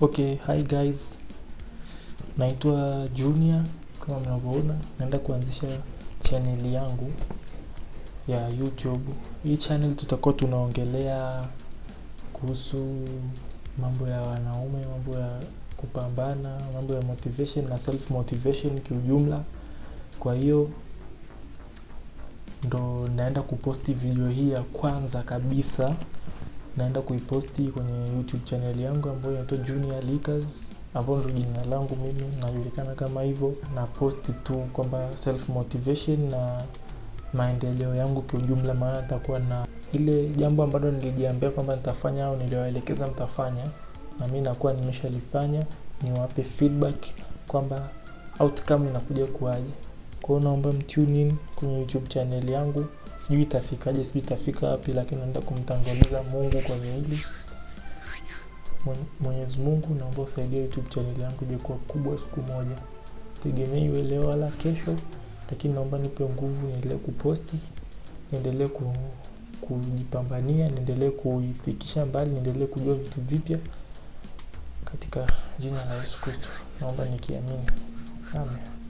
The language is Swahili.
Okay, hi guys, naitwa Junior kama mnavyoona, naenda kuanzisha channel yangu ya YouTube. Hii channel tutakuwa tunaongelea kuhusu mambo ya wanaume, mambo ya kupambana, mambo ya motivation na self motivation kiujumla. Kwa hiyo ndo naenda kuposti video hii ya kwanza kabisa naenda kuiposti kwenye YouTube channel yangu ambayo inaitwa Junior leakers ambao ndo jina langu mimi, najulikana kama hivyo. Na post tu kwamba self motivation na maendeleo yangu kiujumla, maana nitakuwa na ile jambo ambalo nilijiambia kwamba nitafanya au niliwaelekeza mtafanya, na mimi nakuwa nimeshalifanya, niwape feedback kwamba outcome inakuja kuaje kwao naomba mtune in kwenye YouTube channel yangu. Sijui itafikaje, sijui itafika wapi, lakini naenda kumtangaliza Mungu kwenye hili. Mwenyezi Mungu, naomba usaidie YouTube channel yangu ije kuwa kubwa siku moja. Tegemei iwe leo wala kesho, lakini naomba nipe nguvu niendelee kuposti, niendelee kujipambania, niendelee kuifikisha mbali, niendelee kujua vitu vipya katika jina la Yesu Kristo. Naomba nikiamini. Amen.